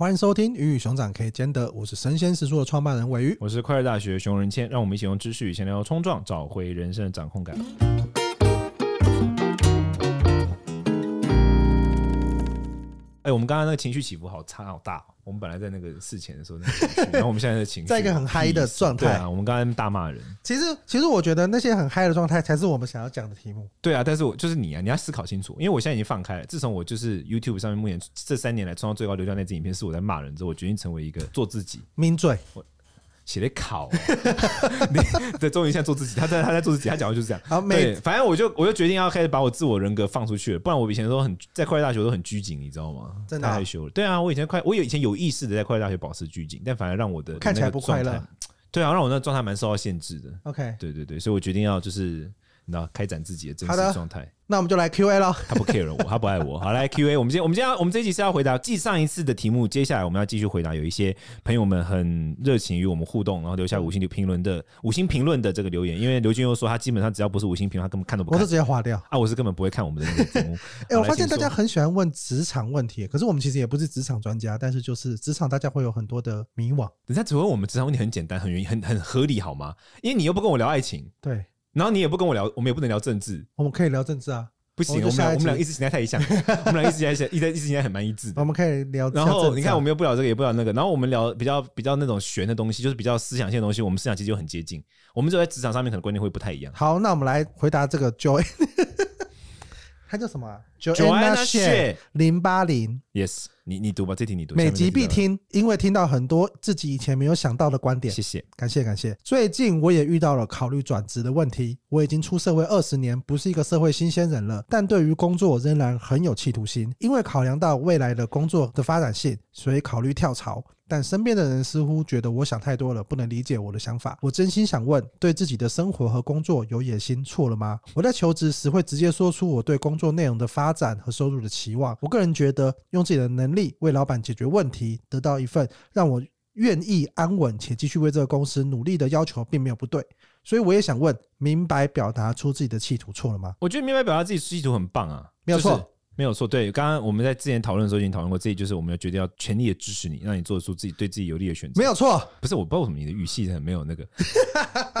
歡迎收聽《魚與熊掌可以兼得》，我是生鮮時書的創辦人韋瑜，我是快樂大學的熊仁謙，讓我們一起用知識與閒聊衝撞，找回人生的掌控感。哎，我們剛剛那個情緒起伏好差，好大哦。我們本來在那個事前的時候，然後我們現在的情緒在 一個很嗨的狀態。對啊，我們剛剛大罵人。其實，其實我覺得那些很嗨的狀態才是我們想要講的題目。對啊，但是我就是你啊，你要思考清楚，因為我現在已經放開了。自從我就是 YouTube 上面目前這三年來創造最高流量那支影片是我在罵人之後，我決定成為一個做自己。抿嘴。我寫的考、啊， 對，終於現在做自己。他在，他在做自己。他講的就是這樣。好對，沒反正我就我就決定要開始把我自我人格放出去了。不然我以前都很在快樂大學都很拘謹，你知道嗎？真的害、啊、羞。對啊，我以前快，我以前有意識的在快樂大學保持拘謹，但反而讓我的，我的看起來不快樂。對啊，讓我那狀態蠻受到限制的。OK，對對對，所以我決定要就是。那開展自己的真實狀態，那我們就來 Q A 了。他不 care 我，他不愛我。好，來 Q A，我們今我們今要我們這一集是要回答繼上一次的題目，接下來我們要繼續回答。有一些朋友們很熱情與我們互動，然後留下五星評論的五星評論的這個留言。因為劉軍又說他基本上只要不是五星評論，他根本看都不看，我是直接劃掉啊，我是根本不會看我們的節目。欸，我發現大家很喜歡問職場問題，可是我們其實也不是職場專家，但是就是職場大家會有很多的迷惘。人家只問我們職場問題，很簡單，很原因、很很合理好嗎？因為你又不跟我聊愛情，對。然後你也不跟我聊，我們也不能聊政治。我們可以聊政治啊？不行，我們我們倆意識形態太像，我們倆意識形態一直意識形態很蠻一致。 我們可以聊政治啊，然後你看我們又不聊這個也不聊那個，然後我們聊比較比較那種玄的東西，就是比較思想性的東西。我們思想其實就很接近，我們就在職場上面可能觀念會不太一樣。好，那我們來回答這個 Joy。 他叫什麼？John Nash 零八零。Yes，你你讀吧，這題你讀。每集必聽，因為聽到很多自己以前沒有想到的觀點。謝謝，感謝，感謝。最近我也遇到了考慮轉職的問題。我已經出社會二十年，不是一個社會新鮮人了，但對於工作仍然很有企圖心。因為考量到未來的工作的發展性，所以考慮跳槽。但身邊的人似乎覺得我想太多了，不能理解我的想法。我真心想問，對自己的生活和工作有野心錯了嗎？我在求職時會直接說出我對工作內容的發展和收入的期望。我個人覺得，用自己的能力為老板解決問題，得到一份讓我願意安穩且繼續為這個公司努力的要求，並沒有不對。所以我也想問，明白表達出自己的企圖錯了嗎？我覺得明白表達自己企圖很棒啊，沒有錯。沒有錯，對，剛剛我們在之前討論的時候已經討論過，這就是我們要決定要全力的支持你，讓你做出自己對自己有利的選擇。沒有錯，不是，我不知道為什麼你的語氣很沒有那個？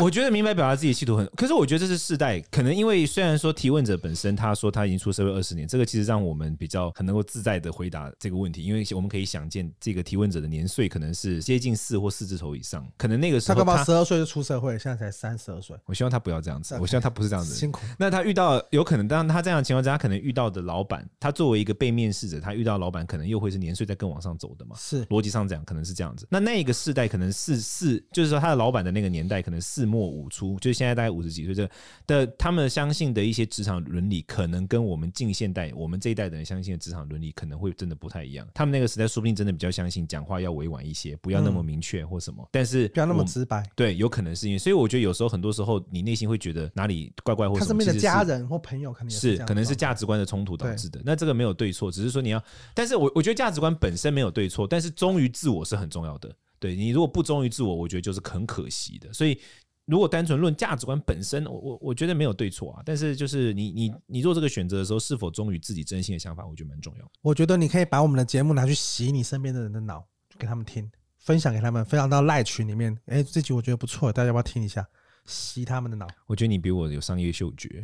我覺得明白表達自己的企圖很，可是我覺得這是世代，可能因為雖然說提問者本身他說他已經出社會二十年，這個其實讓我們比較很能夠自在的回答這個問題，因為我們可以想見這個提問者的年歲可能是接近四或四字頭以上，可能那個時候他十二歲就出社會，現在才三十二歲。我希望他不要這樣子，我希望他不是這樣子辛苦。那他遇到有可能，當他這樣的情況之下，他可能遇到的老板。他作為一個被面試者，他遇到老闆可能又會是年歲在更往上走的嘛？是，邏輯上講，可能是這樣子。那那一個世代可能是四，就是說他的老闆的那個年代可能四末五初，就是現在大概五十幾歲這，的他們相信的一些職場倫理，可能跟我們近現代我們這一代的人相信的職場倫理可能會真的不太一樣。他們那個時代說不定真的比較相信講話要委婉一些，不要那麼明確或什麼。嗯，但是不要那麼直白，對，有可能是因為，所以我覺得有時候很多時候你內心會覺得哪裡怪怪，或者他身邊的家人或朋友肯定是，是，是可能是價值觀的衝突導致的。那這個沒有對錯，只是說你要。但是我我覺得價值觀本身沒有對錯，但是忠於自我是很重要的。對，你如果不忠於自我，我覺得就是很可惜的。所以如果單純論價值觀本身，我我我覺得沒有對錯啊。但是就是你你你做這個選擇的時候，是否忠於自己真心的想法，我覺得蠻重要。我覺得你可以把我們的節目拿去洗你身邊的人的腦，就給他們聽，分享給他們，分享到賴群裡面。哎、欸，這集我覺得不錯，大家要不要聽一下？洗他們的腦，我覺得你比我有商業嗅覺，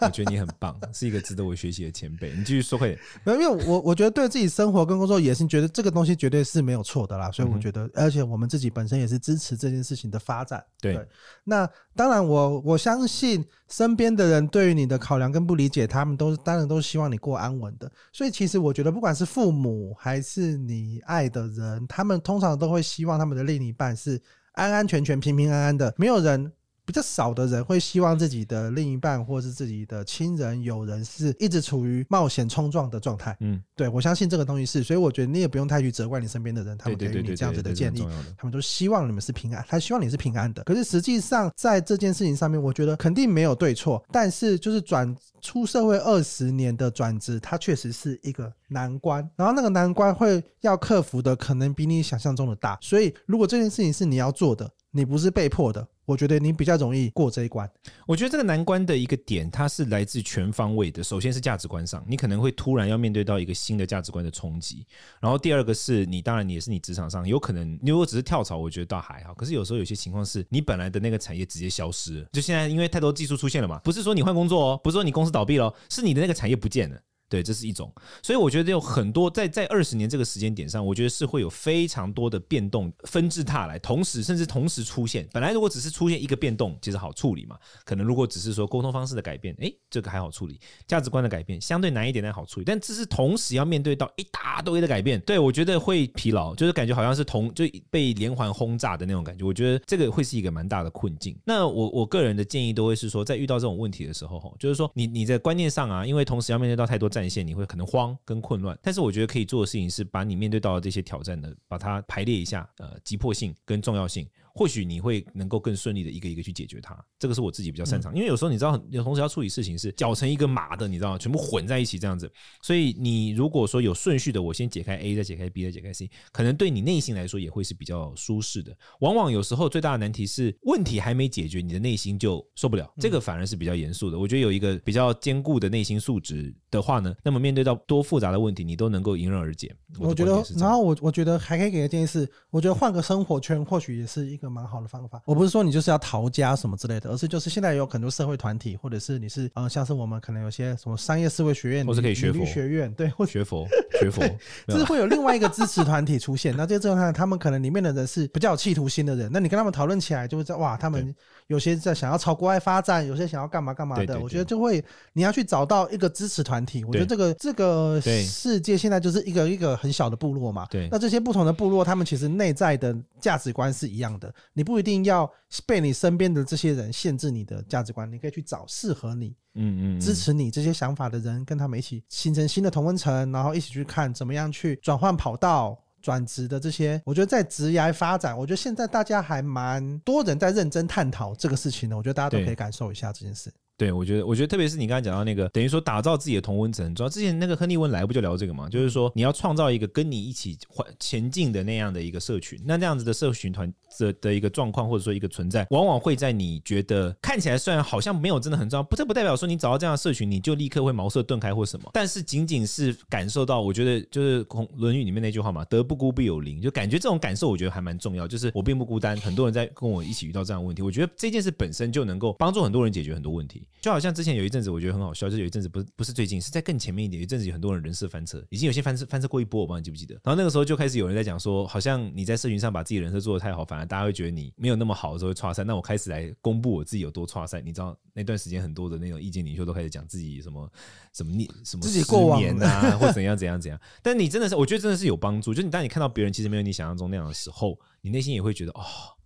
我覺得你很棒， 是一個值得我學習的前輩。你繼續說會沒有，因為我我覺得對自己生活跟工作也是覺得這個東西絕對是沒有錯的啦，所以我覺得，而且我們自己本身也是支持這件事情的發展，嗯。嗯、對，對，那當然我我相信身邊的人對於你的考量跟不理解，他們都是當然都是希望你過安穩的。所以其實我覺得，不管是父母還是你愛的人，他們通常都會希望他們的另一半是。安安全全、平平安安的，沒有人。比較少的人會希望自己的另一半或是自己的親人、友人是一直處於冒險衝撞的狀態。嗯。嗯，對，我相信這個東西是，所以我覺得你也不用太去責怪你身邊的人，他們給予你這樣子的建議，嗯嗯，他們都希望你們是平安，他希望你是平安的。可是實際上在這件事情上面，我覺得肯定沒有對錯，但是就是轉出社會二十年的轉職，它確實是一個難關。然後那個難關會要克服的，可能比你想象中的大。所以如果這件事情是你要做的，你不是被迫的。我覺得你比較容易過這一關。我覺得這個難關的一個點，它是來自全方位的。首先是價值觀上，你可能會突然要面對到一個新的價值觀的衝擊。然後第二個是你，當然你也是你職場上有可能，如果只是跳槽，我覺得倒還好。可是有時候有些情況是你本來的那個產業直接消失，就現在因為太多技術出現了嘛，不是說你換工作哦，不是說你公司倒閉了哦，是你的那個產業不見了。對，這是一種，所以我覺得有很多在在二十年這個時間點上，我覺得是會有非常多的變動紛至沓來，同時甚至同時出現。本來如果只是出現一個變動，其實好處理嘛。可能如果只是說溝通方式的改變，誒，這個還好處理；價值觀的改變相對難一點，但好處理。但這是同時要面對到一大堆的改變，對我覺得會疲勞，就是感覺好像是同就被連環轟炸的那種感覺。我覺得這個會是一個蠻大的困境。那我我個人的建議都會是說，在遇到這種問題的時候，吼，就是說你你在觀念上啊，因為同時要面對到太多。戰線你會可能慌跟混亂，但是我覺得可以做的事情是，把你面對到的這些挑戰呢，把它排列一下，呃，急迫性跟重要性。或許你會能夠更順利的一個一個去解決它，這個是我自己比較擅長。因為有時候你知道，同時要處理事情是攪成一個麻的，你知道，全部混在一起這樣子。所以你如果說有順序的，我先解開 A，再解開 B，再解開 C，可能對你內心來說也會是比較舒適的。往往有時候最大的難題是問題還沒解決，你的內心就受不了。這個反而是比較嚴肅的。我覺得有一個比較堅固的內心素質的話呢，那麼面對到多複雜的問題，你都能夠迎刃而解。我覺得，然後我我覺得還可以給個建議是，我覺得換個生活圈或許也是一。蠻好的方法，我不是說你就是要逃家什麼之類的，而是就是現在有很多社會團體，或者是你是嗯、呃、像是我們可能有些什麼商業思維學院，或是可以學佛學院，對，或學佛或者學佛，就 是會有另外一個支持團體出現。那這狀態他們可能裡面的人是比較有企圖心的人。那你跟他們討論起來，就會在哇，他們有些在想要朝國外發展，有些想要幹嘛幹嘛的。我覺得就會你要去找到一個支持團體。我覺得這個這個世界現在就是一個一個很小的部落嘛。對，那這些不同的部落，他們其實內在的價值觀是一樣的。你不一定要被你身邊的這些人限制你的價值觀，你可以去找適合你，嗯嗯，支持你這些想法的人，跟他們一起形成新的同溫層，然後一起去看怎麼樣去轉換跑道，轉職的這些。我覺得在職業發展，我覺得現在大家還蠻多人在認真探討這個事情的。我覺得大家都可以感受一下這件事。對，我覺得，我覺得，特別是你剛才講到那個，等於說打造自己的同溫層很重要，主要之前那個亨利溫來不就聊這個嘛？就是說你要創造一個跟你一起環前進的那樣的一個社群，那這樣子的社群團的的一個狀況或者說一個存在，往往會在你覺得看起來雖然好像沒有真的很重要，不這不代表說你找到這樣的社群你就立刻會茅塞頓開或什麼，但是僅僅是感受到，我覺得就是從《論語》裡面那句話嘛，德不孤必有鄰，就感覺這種感受，我覺得還蠻重要。就是我並不孤單，很多人在跟我一起遇到這樣的問題，我覺得這件事本身就能夠幫助很多人解決很多問題。就好像之前有一陣子，我覺得很好笑，就有一陣子不是不是最近，是在更前面一點，有一陣子有很多人人設翻車，已經有些翻車翻車過一波，我不知道你記不記得。然後那個時候就開始有人在講說，好像你在社群上把自己人設做得太好，反而大家會覺得你沒有那麼好的時候會差賽，那我開始來公布我自己有多差賽。你知道那段時間很多的那種意見領袖都開始講自己什麼什麼念什麼、啊、自己過往啊， 或怎樣怎樣怎樣。但你真的是，我覺得真的是有幫助。就是你當你看到別人其實沒有你想象中那樣的時候，你內心也會覺得哦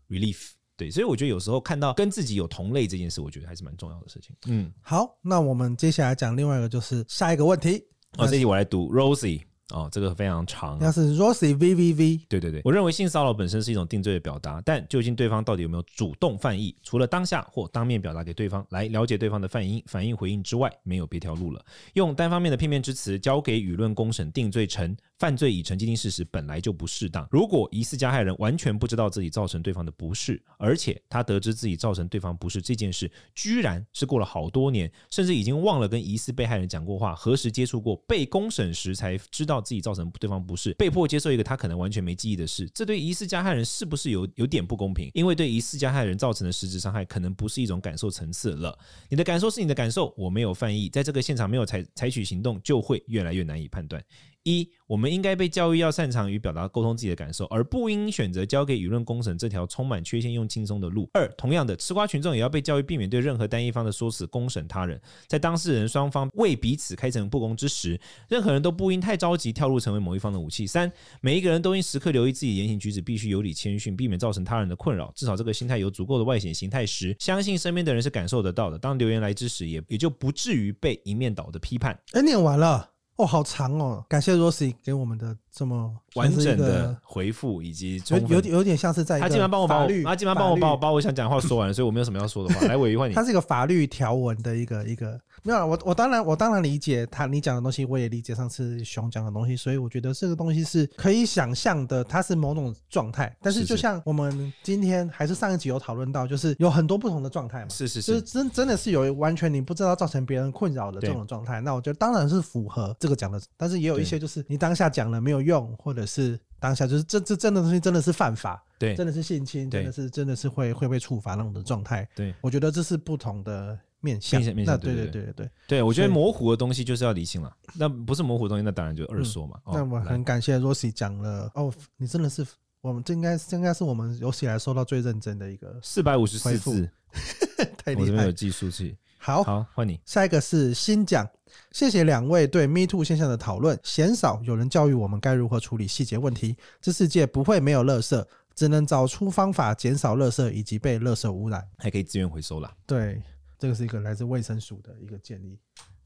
，relief。對，所以我覺得有時候看到跟自己有同類這件事，我覺得還是蠻重要的事情。嗯，好，那我們接下來講另外一個，就是下一個問題。啊、哦，這題我來讀，Rosie。哦，這個非常長。那是 Rosie V V V。對對對，我認為性騷擾本身是一種定罪的表達，但究竟對方到底有沒有主動犯意，除了當下或當面表達給對方來了解對方的犯意、反應回應之外，沒有別條路了。用單方面的片面之詞交給輿論公審定罪成犯罪已成既定事實，本來就不適當。如果疑似加害人完全不知道自己造成對方的不適，而且他得知自己造成對方不適這件事，居然是過了好多年，甚至已經忘了跟疑似被害人講過話，何時接觸過，被公審時才知道。自己造成對方不適，被迫接受一個他可能完全沒記憶的事，這對疑似加害人是不是有有點不公平？因為對疑似加害人造成的實質傷害，可能不是一種感受層次了。你的感受是你的感受，我沒有犯意，在這個現場沒有採採取行動，就會越來越難以判斷。一，我們應該被教育要擅長於表達溝通自己的感受，而不應選擇交給輿論公審這條充滿缺陷又輕鬆的路。二，同樣的，吃瓜群眾也要被教育避免對任何單一方的說辭公審他人，在當事人雙方為彼此開誠布公之時，任何人都不應太着急跳入成為某一方的武器。三，每一個人都應時刻留意自己言行舉止，必須有禮謙遜，避免造成他人的困擾。至少這個心態有足夠的外顯形態時，相信身邊的人是感受得到的。當流言來之時，也也就不至於被一面倒的批判。哎，念完了。哦，好長哦，感謝 Rosie 給我們的。這麼完整的回復，以及有有點像是在他竟然幫我把法律，他幫我把我把我，我想講的話說完了，所以我沒有什麼要說的話。來，我換你他 是一個法律條文的一個一個沒有。我我當然我當然理解他你講的東西，我也理解上次熊講的東西，所以我覺得這個東西是可以想象的，他是某種狀態。但是就像我們今天還是上一集有討論到，就是有很多不同的狀態嘛。是是是，真真的是有完全你不知道造成別人困擾的這種狀態。那我覺得當然是符合這個講的，但是也有一些就是你當下講了沒有。用，或者是當下，就是這這真的東西，真的是犯法，對，真的是性侵，真的是真的是會會被處罰那種的狀態。對，我覺得這是不同的面向，面向，那對對對對對，對，對，對，對，對我覺得模糊的東西就是要理性了。那不是模糊的東西，那當然就二說嘛。嗯哦，那我很感謝羅西講了，嗯、哦，你真的是我們這應該應該是我們有史以來收到最認真的一個四百五十四字， 太厲害了，我這邊有計數器。好好，換你。下一個是新獎，謝謝兩位對 Me Too 現象的討論。鮮少有人教育我們該如何處理細節問題。這世界不會沒有垃圾，只能找出方法減少垃圾以及被垃圾污染，還可以資源回收啦。對，這個是一個來自衛生署的一個建議。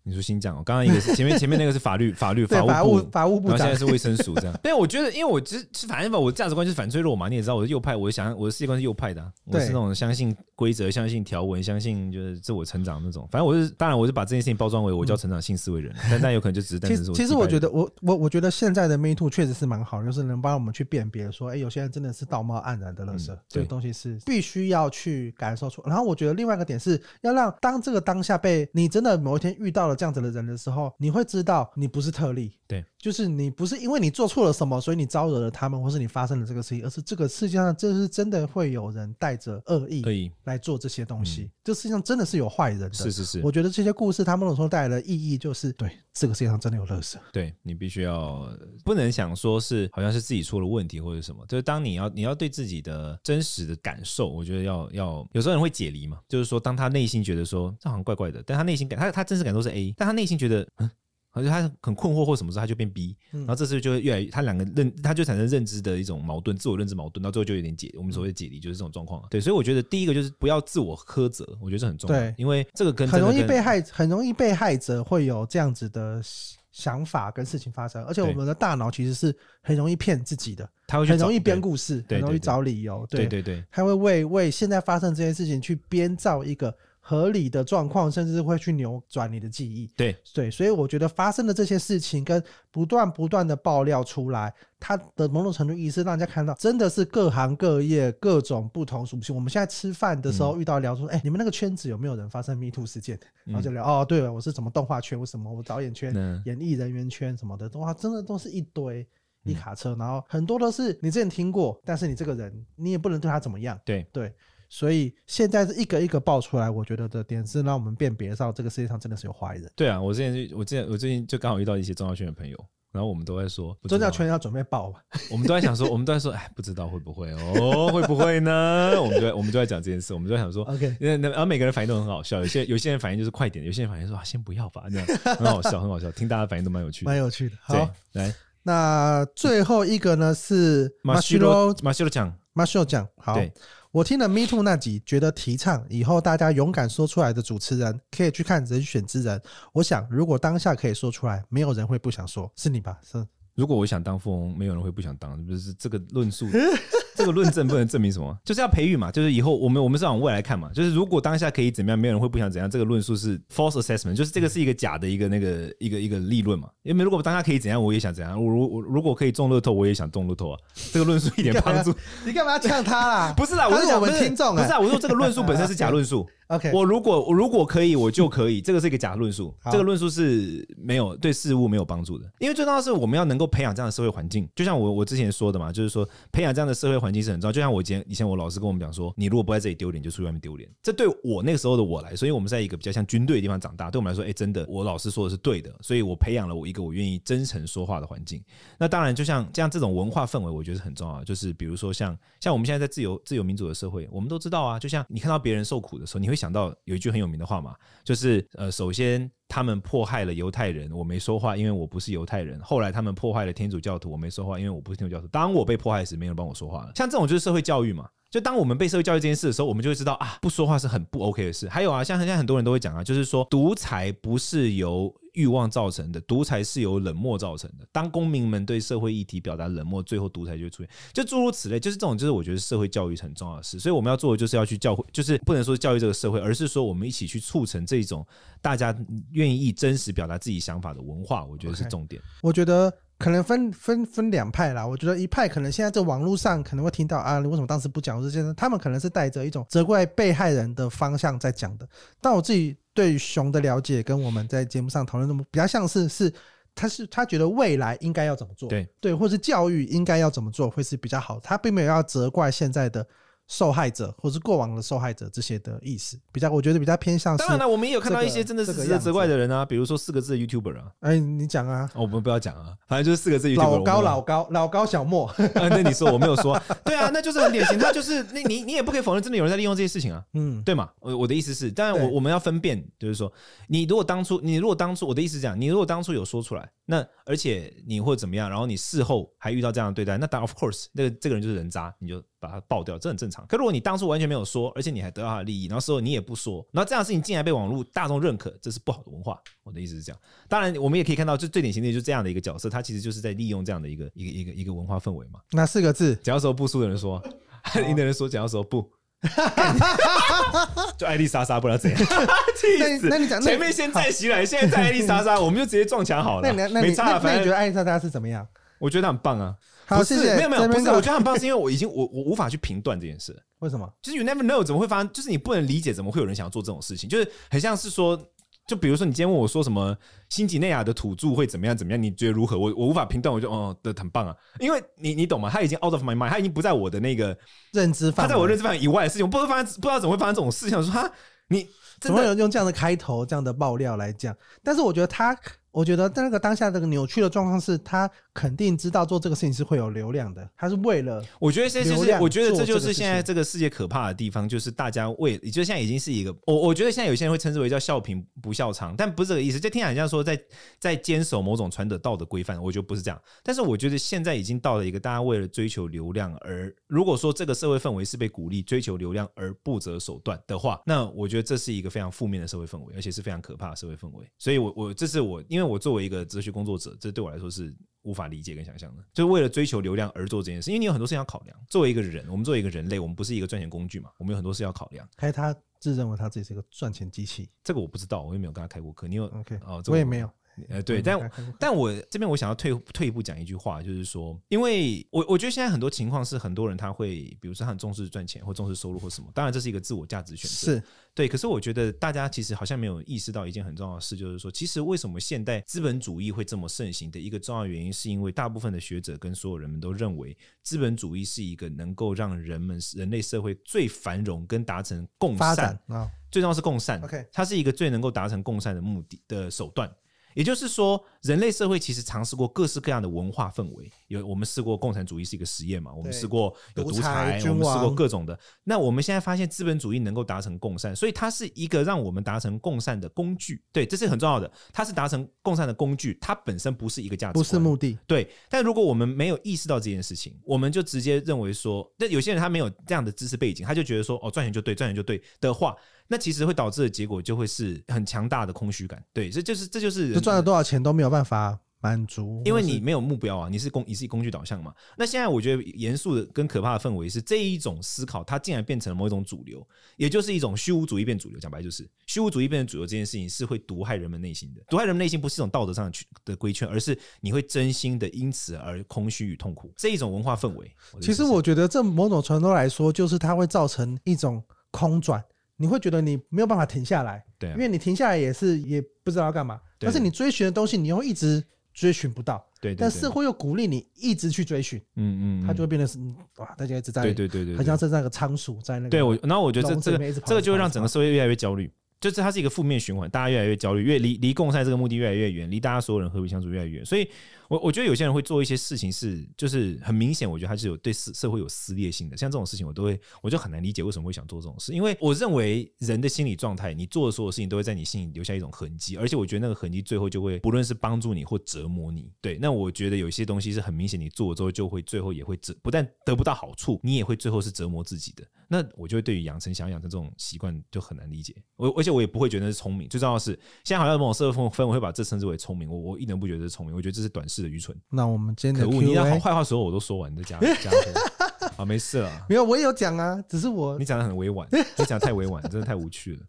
你說新疆？哦，我剛剛一個是前面前面那個是法律 法律法務法務法務部，法務法務部長，然後現在是衛生署這樣。對，我覺得，因為我其實反正吧，我的價值觀就是反脆弱嘛。你也知道，我是右派，我想我的世界觀是右派的，啊，我是那種相信規則、相信條文、相信就是自我成長那種。反正我是，當然我是把這件事情包裝為我，我叫成長性思維人，嗯、但但有可能就只是。 其實，其實我覺得我，我我我覺得現在的 Me Too 確實是蠻好，就是能幫我們去辨別說，哎，有些人真的是道貌岸然的垃圾，嗯。這個東西是必須要去感受出。然後我覺得另外一個點是要讓當這個當下被你真的某一天遇到了，這樣子的人的時候，你會知道你不是特例。對。就是你不是因為你做錯了什麼，所以你招惹了他們，或是你發生了這個事情，而是這個世界上這是真的會有人帶着惡意來做這些東西，嗯。這世界上真的是有壞人的，是是是，我覺得這些故事他們有時候帶來的意義就是，對，這個世界上真的有垃圾，對，你必須要不能想說是好像是自己出了問題或者什麼，就是當你要你要對自己的真實的感受，我覺得要要有時候人會解離嘛，就是說當他內心覺得說這好像怪怪的，但他內心感他他真實感受是 A，但他內心覺得嗯。而且他很困惑或什麼時候他就變逼，然後這時候就會越來越，他兩個認他就產生認知的一種矛盾，自我認知矛盾到最後就有點解，我們所謂的解離就是這種狀況。對，所以我覺得第一個就是不要自我苛責，我覺得這很重要，因為這個跟，跟很容易被害很容易被害者會有這樣子的想法跟事情發生，而且我們的大腦其實是很容易騙自己的，他會很容易編故事，很容易找理由，對對對，對，他會為為現在發生這件事情去編造一個合理的狀況，甚至是會去扭轉你的記憶。對對，所以我覺得發生的這些事情，跟不斷不斷的爆料出來，它的某種程度意義是讓人家看到，真的是各行各業各種不同屬性。我們現在吃飯的時候遇到聊說，哎、嗯欸，你們那個圈子有沒有人發生 Metoo 事件、嗯，然後就聊，哦，對了，我是什麼動畫圈，我什麼，我導演圈、嗯、演藝人員圈什麼的，哇，真的都是一堆一卡車、嗯，然後很多都是你之前聽過，但是你這個人你也不能對他怎麼樣。對對。所以現在是一個一個爆出來，我覺得的點是讓我們辨別到這個世界上真的是有壞人。對啊，我之前就我之前我最近就剛好遇到一些宗教圈的朋友，然後我們都在說宗教圈要準備爆吧。我們都在想說，我們都在說哎，不知道會不會哦，會不會呢？ 我們都在我們都在講這件事，我們都在想說 OK，啊。那而每個人反應都很好笑，有些有些人反應就是快點，有些人反應說啊先不要吧，這樣，很好笑，很好笑，聽大家反應都蠻有趣的，蠻有趣的。好，來，那最後一個呢是馬修羅，馬修羅講，馬修羅講，好。我聽了《Me Too》那集，覺得提倡以後大家勇敢說出來的主持人，可以去看《人選之人》。我想，如果當下可以說出來，沒有人會不想說，是你吧？是。如果我想當富翁，沒有人會不想當，不、就是這個論述。 這個論證不能證明什麼，就是要培育嘛，就是以後我們我們是往未來看嘛，就是如果當下可以怎麼樣，沒有人會不想怎樣。這個論述是 false assessment，就是這個是一個假的一個那個一個一個立論嘛。因為如果當下可以怎樣，我也想怎樣。我如我如果可以中樂透，我也想中樂透啊。這個論述一點幫助 你幹嘛， 你幹嘛要嗆他啦， 不啦他、欸？不是啦，我是我們聽眾，不是啊。我說這個論述本身是假論述。 Okay. 我如果我如果可以，我就可以。這個是一個假論述， 這個論述是沒有對事物沒有幫助的。因為最重要的是我們要能夠培養這樣的社會環境。就像我我之前說的嘛，就是說培養這樣的社會環境是很重要。就像我以前以前我老師跟我們講說，你如果不在這裡丟臉，就出去外面丟臉。這對我那個時候的我來說，所以我們在一個比較像軍隊的地方長大，對我們來說，哎，真的，我老師說的是對的。所以我培養了我一個我願意真誠說話的環境。那當然，就像這樣這種文化氛圍，我覺得是很重要。就是比如說像像我們現在在自由自由民主的社會，我們都知道啊。就像你看到別人受苦的時候，你會。想到有一句很有名的話嘛，就是呃，首先他們迫害了猶太人，我沒說話，因為我不是猶太人。後來他們迫害了天主教徒，我沒說話，因為我不是天主教徒。當我被迫害時，沒人幫我說話了。像這種就是社會教育嘛，就當我們被社會教育這件事的時候，我們就會知道啊，不說話是很不 OK 的事。還有啊，像現在很多人都會講啊，就是說獨裁不是由。慾望造成的獨裁是由冷漠造成的。當公民們對社會議題表達冷漠，最後獨裁就會出現，就諸如此類。就是這種，就是我覺得社會教育很重要的事。所以我們要做的就是要去教會，就是不能說教育這個社會，而是說我們一起去促成這種大家願意真實表達自己想法的文化。我覺得是重點。Okay. 我覺得可能分分分兩派啦。我覺得一派可能現在這網絡上可能會聽到啊，你為什麼當時不講這些？他們可能是帶着一種責怪被害人的方向在講的。但我自己。對熊的了解跟我們在節目上討論，那麼比較像是是，他是他覺得未來應該要怎麼做，對對，或是教育應該要怎麼做會是比較好，他並沒有要責怪現在的。受害者，或是過往的受害者，這些的意思比較，我覺得比較偏向。當然了，我們也有看到一些真的是指、這個這個、責怪的人啊，比如說四個字的 YouTuber 啊，哎、欸，你講啊、哦，我們不要講啊，反正就是四個字 YouTuber，老。老高，老高，老高，小莫、啊。那你說我沒有說？ 對啊，那就是很典型，那 就是那你，你你也不可以否認，真的有人在利用這些事情啊，嗯，對嘛，我我的意思是，當然我我們要分辨，就是說，你如果當初，你如果當初，我的意思是講，你如果當初有說出來。那而且你會怎麼樣？然後你事後還遇到這樣的對待，那當然 of course，那個這個人就是人渣，你就把他爆掉，這很正常。可如果你當初完全沒有說，而且你還得到他的利益，然後事後你也不說，然後這樣的事情竟然被網絡大眾認可，這是不好的文化。我的意思是這樣。當然，我們也可以看到，就最典型的就是這樣的一個角色，他其實就是在利用這樣的一個一個一個一個文化氛圍嘛。那四個字，假如說不輸的人說，贏的人說，假如說不。哈哈哈哈哈！就愛莉莎莎 不知道怎樣，那 那你講前面先在襲來， 現在在愛莉莎莎， 我們就直接撞牆好了。 那，那沒差。反正你覺得愛莉莎莎是怎麼樣？我覺得她很棒啊！好不是，謝謝沒有沒有不，不是，我覺得很棒，是因為我已經我 我無法去評斷這件事。為什麼？就是 you never know 怎麼會發生？就是你不能理解怎麼會有人想要做這種事情，就是很像是說。就比如說，你今天問我說什麼，新幾內亞的土著會怎麼樣怎麼樣？你覺得如何我？我我無法評斷。我就哦，這很棒啊，因為你你懂嗎？他已經 out of my mind，他已經不在我的那個認知範圍，他在我認知範圍以外的事情，我不知道發生，不知道怎麼會發生這種事情。說他，你真的用用這樣的開頭，這樣的爆料來講？但是我覺得他，我覺得在那個當下這個扭曲的狀況是，他。肯定知道做這個事情是會有流量的，他是為了我覺得，這就是我覺得這就是現在這個世界可怕的地方，就是大家為，就是現在已經是一個，我我覺得現在有些人會稱之為叫笑貧不笑娼，但不是這個意思，就聽起來像說在在堅守某種傳的道德規範，我覺得不是這樣。但是我覺得現在已經到了一個大家為了追求流量而，如果說這個社會氛圍是被鼓勵追求流量而不擇手段的話，那我覺得這是一個非常負面的社會氛圍，而且是非常可怕的社會氛圍。所以，我我這是我因為我作為一個哲學工作者，這對我來說是。無法理解跟想象的，就為了追求流量而做這件事，因為你有很多事情要考量。作為一個人，我們作為一個人類，我們不是一個賺錢工具嘛。我們有很多事要考量。還他自認為他自己是一個賺錢機器？這個我不知道，我也沒有跟他開過課。你有？OK，哦，我也沒有。呃，對，嗯、但、嗯、但我這邊我想要退退一步講一句話，就是說，因為我我覺得現在很多情況是，很多人他會比如說他很重視賺錢，或重視收入或什麼，當然這是一個自我價值選擇，是對。可是我覺得大家其實好像沒有意識到一件很重要的事，就是說，其實為什麼現代資本主義會這麼盛行的一個重要原因，是因為大部分的學者跟所有人們都認為，資本主義是一個能夠讓人們人類社會最繁榮跟達成共善發展啊，最重要是共善。OK，哦、它是一個最能夠達成共善的目的的手段。也就是說，人類社會其實嘗試過各式各樣的文化氛圍。有我們試過共產主義是一個實驗嘛？我們試過有獨裁，我們試過各種的。那我們現在發現資本主義能夠達成共善，所以它是一個讓我們達成共善的工具。對，這是很重要的。它是達成共善的工具，它本身不是一個價值，不是目的。對。但如果我們沒有意識到這件事情，我們就直接認為說，那有些人他沒有這樣的知識背景，他就覺得說，哦，賺錢就對，賺錢就對的話，那其實會導致的結果就會是很強大的空虛感。對，這就是這就是，就賺了多少錢都沒有辦法啊。滿足，因為你沒有目標啊。你是工，你是工具導向嘛。那現在我覺得嚴肅的跟可怕的氛圍是這一種思考，它竟然變成了某一種主流，也就是一種虛無主義變主流。講白就是虛無主義變成主流這件事情是會毒害人們內心的，毒害人們內心不是一種道德上的規的規勸，而是你會真心的因此而空虛與痛苦。這一種文化氛圍，其實我覺得這某種程度來說，就是它會造成一種空轉，你會覺得你沒有辦法停下來，對啊，因為你停下來也是也不知道要幹嘛，但是你追尋的東西，你又一直。追尋不到，對，對，但似乎又鼓勵你一直去追尋，嗯嗯，它就會變得是哇，大家一直在，對對對對，對，很像是那個倉鼠在那個，對我，那我覺得這個這個就會讓整個社會越來越焦慮。就是它是一個負面循環，大家越來越焦慮，越離離共善這個目的越來越遠，離大家所有人和平相處越來越遠。所以，我我覺得有些人會做一些事情是，是就是很明顯，我覺得他是有對社會有撕裂性的。像這種事情，我都會，我就很難理解為什麼會想做這種事。因為我認為人的心理狀態，你做的所有事情都會在你心裡留下一種痕跡，而且我覺得那個痕跡最後就會，不論是幫助你或折磨你。對，那我覺得有些東西是很明顯，你做了之後就會最後也會折，不但得不到好處，你也會最後是折磨自己的。那我就會對於養成想養成這種習慣就很難理解。我我。我也不會覺得是聰明，最重要的是現在好像某種社會氛圍會把這稱之為聰明，我我一點不覺得是聰明，我覺得這是短視的愚蠢。那我們今天的可惡，你要從壞話所有我都說完，你再加上加說，啊，沒事了，沒有，我也有講啊，只是我。你講的很委婉，你講得太委婉，真的太無趣了。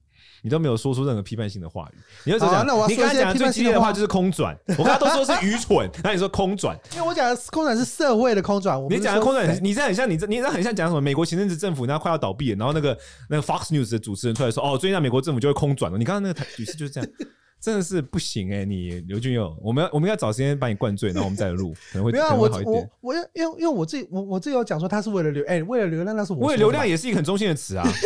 你都沒有說出任何批判性的話語，你要，要、啊、那我要說講，你剛才講最激烈的話就是空轉，我剛剛都說是愚蠢，那 你說空轉？因為我講空轉是社會的空轉，你講的空轉，欸，你這樣很像你這，你這樣很像講什麼？美國行政子政府那快要倒閉了，然後那個那個 Fox News 的主持人出來說，哦，最近那美國政府就會空轉了。你剛剛那個台語氣就是這樣，真的是不行哎，欸！你 劉俊佑，我們要我們要找時間把你灌醉，然後我們再錄， 可能會可能會好一點。我要，因為因為我自己我我自己有講說，它是為了流，哎，欸，為了流量那是我為了流量也是一個很中性的詞啊。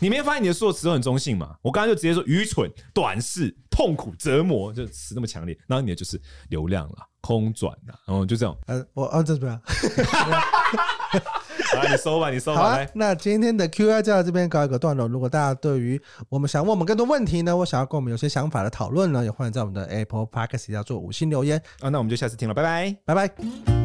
你沒發現你的說辭都很中性嘛？我剛剛就直接說愚蠢、短視、痛苦、折磨，就詞那麼強烈。然後你的就是流量了、空轉了。然後就這樣。呃，我呃、哦、這怎麼樣、啊？ 好啊，你收吧，你收吧。好、啊，那今天的 QA 就到這邊告一個段落。如果大家對於我們想問我們更多問題呢，我想要跟我們有些想法的討論呢，也歡迎在我們的 Apple Podcast 底下做五星留言啊。那我們就下次聽了，拜拜，拜拜。